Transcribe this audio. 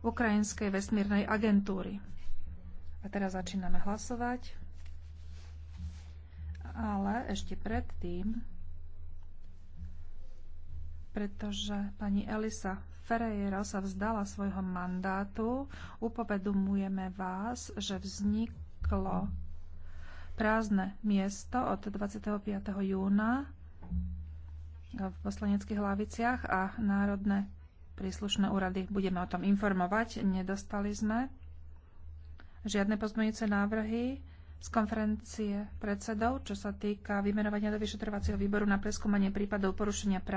Ukrajinskej vesmírnej agentúry. A teraz začíname hlasovať. Ale ešte predtým, pretože pani Elisa Ferreira sa vzdala svojho mandátu, upovedomujeme vás, že vzniklo prázdne miesto od 25. júna v poslaneckých hlaviciach a národné príslušné úrady budeme o tom informovať. Nedostali sme žiadne pozmeňujúce návrhy z konferencie predsedov, čo sa týka vymenovania do vyšetrovacieho výboru na preskúmanie prípadov porušenia práv